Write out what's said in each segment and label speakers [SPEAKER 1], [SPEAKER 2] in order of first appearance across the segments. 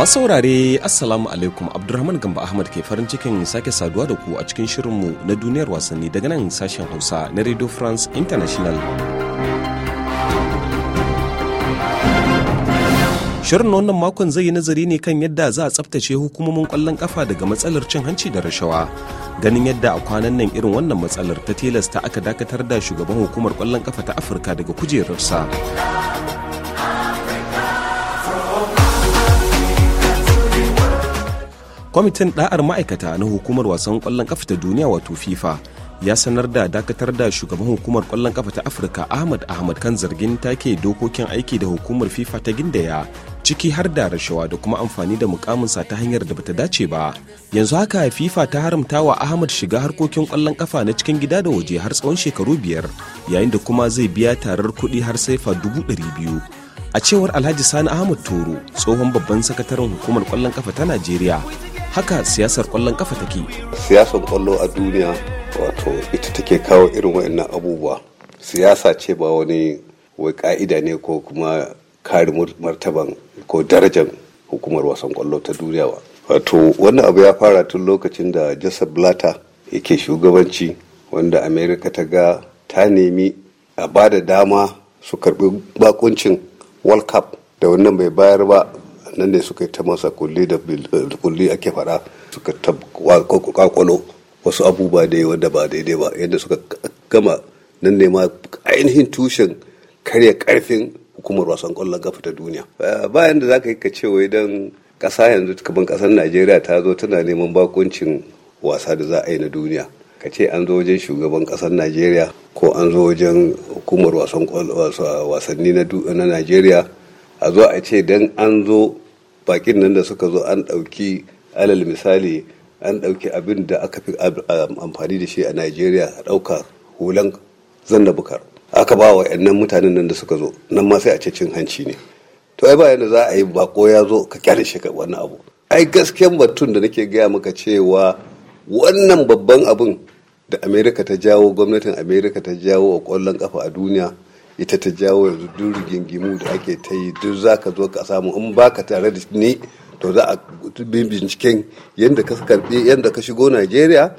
[SPEAKER 1] Masu saurare Assalamu alaikum Abdulrahman Gamba Ahmad ke farin cikin sake saduwa da ku a cikin shirinmu na duniyar wasanni daga nan sashen Hausa na Radio France International. Shirin na wannan makon zai yi nazari ne kan yadda za a tsabtace hukumomin kwallon kafa daga matsalar cin hanci da rashawa. Ganin yadda a kwanan nan irin wannan matsalar ta tilasta aka dakatar da shugaban hukumar kwallon kafa ta Afirka daga kujerarsa. kwamitin ɗa'ar ma'aikata na hukumar wasan ƙwallon ƙafa ta duniya wato fifa ya sanar da dakatar da shugaban hukumar ƙwallon ƙafa ta afirka ahmad ahmad kan zargin take dokokin aiki da hukumar fifa ta gindaya ciki har da rashawa da kuma amfani da mukaminsa ta hanyar da bata dace ba yanzu haka fifa ta haramta wa ahmad shiga harkokin ƙwallon ƙafa na cikin gida da waje har tsawon shekaru biyar yayin da kuma zai biya tarar kuɗi har sai fa dubu ɗari biyu a cewar alhaji sani ahmad toro tsohon babban sakataren hukumar ƙwallon ƙafa ta najeriya haka siyasar kwallon kafa take
[SPEAKER 2] siyasar kwallo a duniya wato ita take kawo irin wa'annan abubuwa siyasa ce ba wani wai ka'ida ne ko kuma kare martaban ko darajar hukumar wasan kwallo ta duniya ba wato wannan abu ya fara tun lokacin da joseph blatter yake shugabanci wanda america ta ga ta nemi a ba da dama su karbi bakuncin world cup da wannan bai bayar ba nan ne suka yi ta masa kulli da eh, kulli ake faɗa suka kwakwalo wasu abubuwa da wanda ba daidai ba yadda suka gama nan ne ma ainihin tushen karya karfin hukumar wasan kwallon kafa ta duniya eh, bayan da zaka yi ka ce wai dan ƙasa yanzu kamar kasar najeriya ta zo tana neman bakuncin wasa da za a yi na duniya ka ce an zo wajen shugaban kasar najeriya ko an zo wajen hukumar wasanni na najeriya a zo a ce dan an zo bakin nan da suka zo an ɗauki alal misali an ɗauki abin da aka fi amfani da shi a nigeria a ɗauka hulan zanna bukar aka ba wa yannan mutanen nan da suka zo nan ma sai a ce cin hanci ne to ai ba yadda za a yi bako ya zo ka kyale shi wani abu ai gaskiyan batun da nake gaya maka cewa wannan babban abin da amerika ta jawo gwamnatin amerika ta jawo a kwallon kafa a duniya ita ta jawo yanzu duk rigingimu da ake ta yi duk za ka zo ka samu in baka tare da ni to za a binciken yadda ka karbi yadda ka shigo Najeriya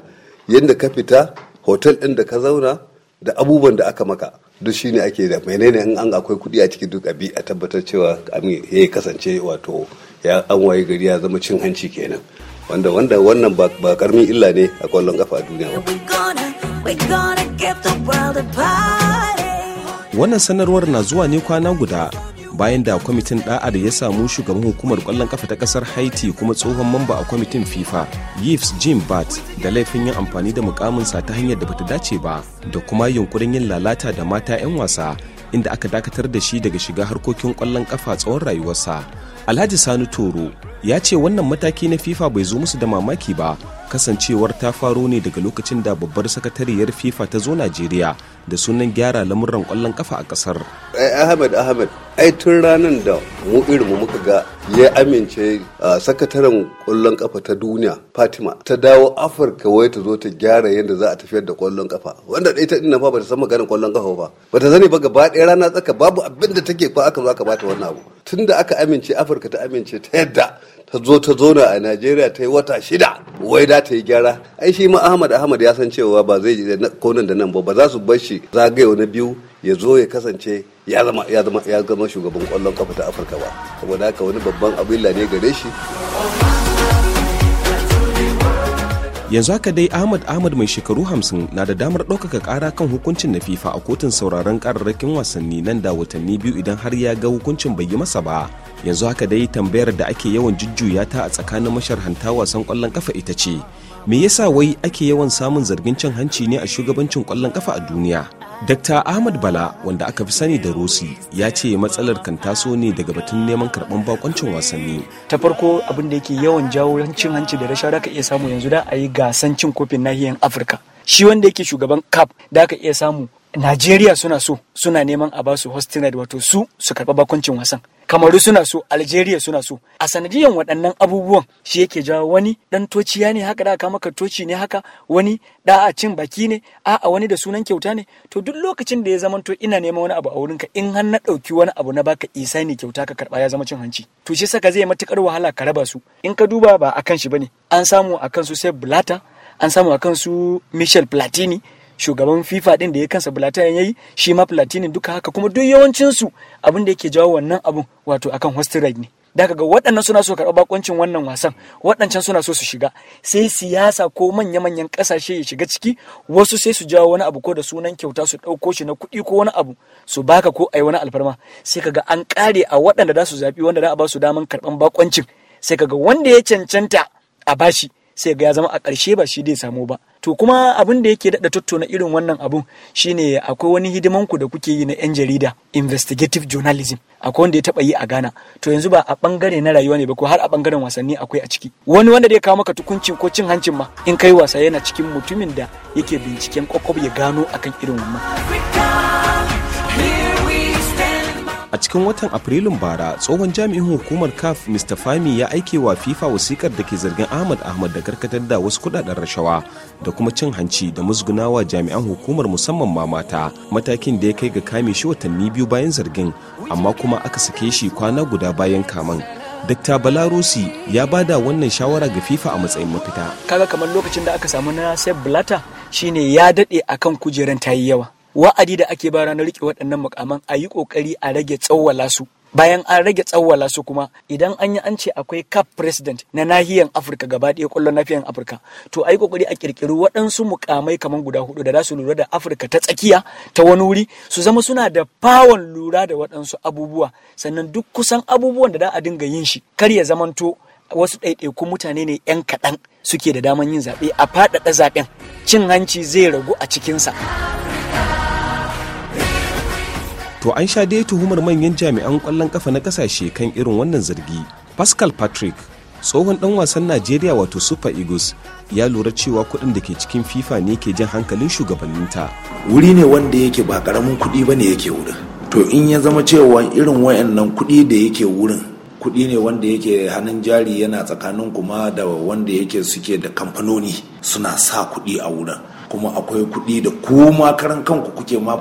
[SPEAKER 2] yadda ka fita hotel ɗin da ka zauna da abubuwan da aka maka duk shine ake da menene in an akwai kuɗi a cikin duk abi a tabbatar cewa ya kasance wato ya an waye gari ya zama cin hanci kenan wanda wanda wannan ba karmin illa ne a kwallon kafa a duniya ba. wannan sanarwar na zuwa ne kwana
[SPEAKER 1] guda bayan da kwamitin da'ar ya samu shugaban hukumar kwallon kafa ta kasar haiti kuma tsohon mamba a kwamitin fifa yves jim bat da laifin yin amfani da mukaminsa ta hanyar da bata dace ba da kuma yunkurin yin lalata da mata 'yan wasa inda aka dakatar da shi daga shiga harkokin kwallon kafa tsawon rayuwarsa alhaji sani toro ya ce wannan mataki na fifa bai zo musu da mamaki ba kasancewar ta faro ne daga lokacin da babbar sakatariyar fifa ta zo najeriya da sunan gyara lamuran kwallon kafa a kasar
[SPEAKER 2] eh, ahmed ahmed. ai tun ranar da mu irinmu muka ga ya amince a sakataren kwallon kafa ta duniya fatima ta dawo afirka wai ta zo ta gyara yadda za a tafiyar da kwallon kafa wanda ɗaya ta ina fa ba ta san maganin kwallon kafa ba ba ta zane ba gaba ɗaya rana tsaka babu abin da take kwa aka zo aka bata wannan abu tun da aka amince afirka ta amince ta yadda ta zo ta zauna a najeriya ta yi wata shida wai da ta yi gyara ai shi ma ahmad ahmad ya san cewa ba zai je konan da nan ba ba za su bar shi zagayo na biyu ya zo ya kasance ya zama ya zama ya zama shugaban kwallon kafa ta Afirka ba saboda haka wani babban abin ne gare shi
[SPEAKER 1] yanzu haka dai ahmad ahmad mai shekaru hamsin na da damar ɗaukaka ƙara kan hukuncin na fifa a kotun sauraron ƙararrakin wasanni nan da watanni biyu idan har ya ga hukuncin bai yi masa ba yanzu haka dai tambayar da ake yawan jujjuya ta a tsakanin masharhanta wasan kwallon kafa ita ce me yasa wai ake yawan samun zargin cin hanci ne a shugabancin kwallon kafa a duniya dr ahmad bala wanda aka fi sani da rosi ya ce matsalar kan taso ne daga
[SPEAKER 3] batun neman karban bakoncin wasanni ta farko abin da yake yawan jawo cin hanci da rashawa da ka iya samu yanzu da a yi gasan cin kofin nahiyar afirka shi wanda yake shugaban cap da aka iya samu Najeriya suna so suna neman a basu hosting right wato su su karɓa bakuncin wasan. Kamaru suna so, Algeria suna so. A sanadiyan waɗannan abubuwan shi yake jawo wani ɗan tociya ne haka da maka toci ne haka wani da a cin baki ne a a wani da sunan kyauta ne to duk lokacin da ya zama to ina neman wani abu a wurinka in har na ɗauki wani abu na baka isa ne kyauta ka karɓa ya zama cin hanci. To shi saka zai matuƙar wahala ka raba su in ka duba ba a kan shi bane an samu a kan su sai Blata an samu a kan su Michel Platini shugaban FIFA ɗin da ya kansa Platini yayi shi ma Platini duka haka kuma duk yawancin su abin da yake jawo wannan abun wato akan hostel right ne da ga waɗannan suna so karɓa bakoncin wannan wasan waɗancan suna so su shiga sai siyasa ko manya-manyan ƙasashe ya shiga ciki wasu sai su jawo wani abu ko da sunan kyauta su ɗauko shi na kuɗi ko wani abu su baka ko ai wani alfarma sai kaga an ƙare a waɗanda za su zaɓi wanda za a ba su daman karɓan bakoncin sai kaga wanda ya cancanta a bashi sai ga ya zama a ƙarshe ba shi dai samu ba to kuma abin da yake daɗa tattauna irin wannan abun shine akwai wani hidiman ku da kuke yi na 'yan jarida investigative journalism akwai wanda ya taɓa yi a Ghana to yanzu ba a ɓangare na rayuwa ne ba ko har a ɓangaren wasanni akwai a ciki wani wanda zai kawo maka tukunci ko cin hancin ma in kai wasa yana cikin mutumin da yake binciken kwakwab ya gano akan irin wannan.
[SPEAKER 1] cikin watan Afrilun bara tsohon jami'in hukumar CAF Mr. Fami ya aike wa FIFA wasikar da ke zargin Ahmad Ahmad da karkatar da wasu kudaden rashawa da kuma cin hanci da musgunawa jami'an hukumar musamman ma mata matakin da ya kai ga kame shi watanni biyu bayan zargin amma kuma aka sake shi kwana guda bayan kaman. Dr. Balarusi ya bada wannan shawara ga FIFA a matsayin mafita.
[SPEAKER 3] Kaga kamar lokacin da aka samu na Sepp Blatter shine ya dade akan kujeran tayi yawa. wa'adi da ake bara na rike waɗannan mukaman a yi ƙoƙari a rage tsawwala su bayan an rage tsawwala su kuma idan an yi an ce akwai cap president na nahiyar afirka gaba ɗaya kwallon nahiyar afirka to a yi kokari a kirkiri waɗansu mukamai kamar guda hudu da za su lura da afirka ta tsakiya ta wani wuri su zama suna da fawon lura da waɗansu abubuwa sannan duk kusan abubuwan da za a dinga yin shi kar ya zamanto wasu ɗaiɗaikun mutane ne 'yan kaɗan suke da daman yin zaɓe a faɗaɗa zaɓen cin hanci zai ragu a cikinsa.
[SPEAKER 1] To an sha dai tuhumar manyan jami'an kwallon kafa na kasashe kan irin wannan zargi. Pascal Patrick, tsohon dan wasan Najeriya wato Super Eagles, ya lura cewa kuɗin da ke cikin FIFA ne ke jan hankalin shugabanninta. Wuri ne wanda yake ba karamin kuɗi ba ne yake wurin. To in ya zama cewa
[SPEAKER 4] irin wayannan kuɗi da yake wurin kuɗi ne wanda yake hannun jari yana tsakanin kuma da wanda yake suke da kamfanoni suna sa kuɗi a wurin kuma akwai kuɗi da kuma karan kanku kuke ma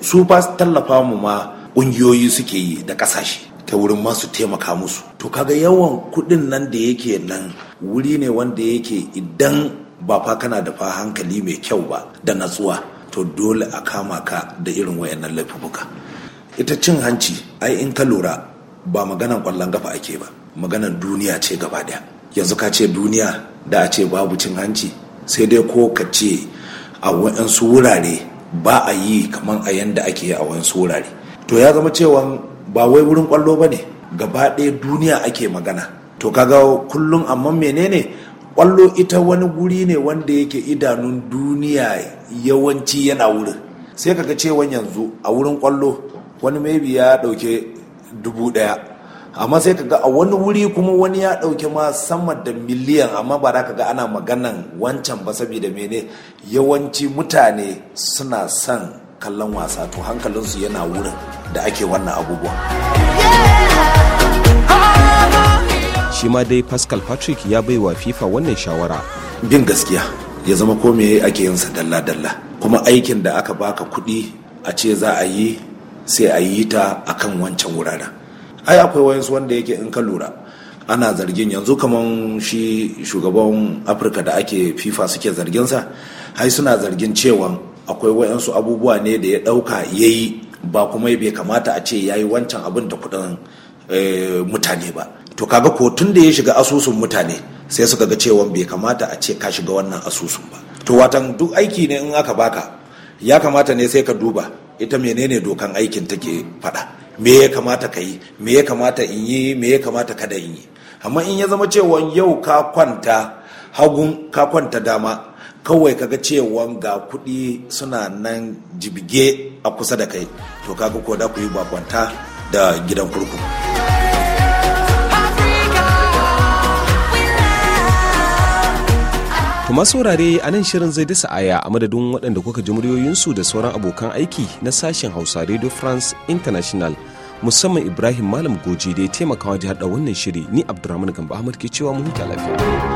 [SPEAKER 4] su fa tallafa mu ma ƙungiyoyi suke yi da ƙasashe ta wurin masu taimaka musu to kaga yawan kuɗin nan da yake nan wuri ne wanda yake idan ba fa kana da fa hankali mai kyau ba da natsuwa to dole a kama ka da irin wayannan laifuka ita cin hanci ai in ka lura ba maganan ƙwallon gafa ake ba maganan duniya ce gaba daya yanzu ka ce duniya da a ce babu cin hanci sai dai ko ka ce a waɗansu wurare ba a yi kamar a yadda ake yi a waɗansu wurare to ya zama cewa ba wai wurin kwallo ba ne gaba ɗaya duniya ake magana to kaga kullum amma menene kwallo ita wani guri ne wanda yake idanun duniya yawanci yana wurin sai kaga cewa yanzu a wurin kwallo wani maybe ya ɗauke dubu ɗaya amma sai kaga a wani wuri kuma wani ya ɗauki ma sama da miliyan amma ba za ka ga ana maganan wancan ba saboda mene yawanci mutane suna son kallon wasa to hankalinsu yana wurin da ake wannan abubuwa
[SPEAKER 1] shi ma dai pascal patrick ya bai wa fifa wannan shawara bin gaskiya ya zama ko me ake yin sa dalla-dalla
[SPEAKER 4] kuma aikin da aka baka kuɗi a ce za a yi sai a yi ta akan wancan wuraren ai akwai wayansu wanda yake in ka lura ana zargin yanzu kamar shi shugaban afirka da ake fifa suke zargin sa, hai suna zargin cewa akwai wayansu abubuwa ne da ya ɗauka ya yi ba kuma bai kamata a ce ya yi wancan abin da kuɗin eh, mutane ba to kaga ko tun da ya shiga asusun mutane sai suka ga cewa bai kamata a ce ka shiga wannan asusun ba to watan duk aiki ne in aka baka ya kamata ne sai ka duba ita menene dokan aikin take faɗa me ya kamata ka yi me ya kamata in yi me ya kamata kada in yi amma in ya zama cewa yau ka kwanta hagun ka kwanta dama kawai ka ga cewa ga kuɗi suna nan jibge a kusa da kai to kaga ko da ku yi bakwanta
[SPEAKER 1] da gidan kurkuku. masu wurare a nan shirin zai dasa aya a madadin waɗanda kuka ji muryoyinsu da sauran abokan aiki na sashen hausa radio france international musamman ibrahim malam goji da ya taimaka wajen haɗa wannan shiri ni abdulrahman gamba ahmad ke cewa mu huta lafiya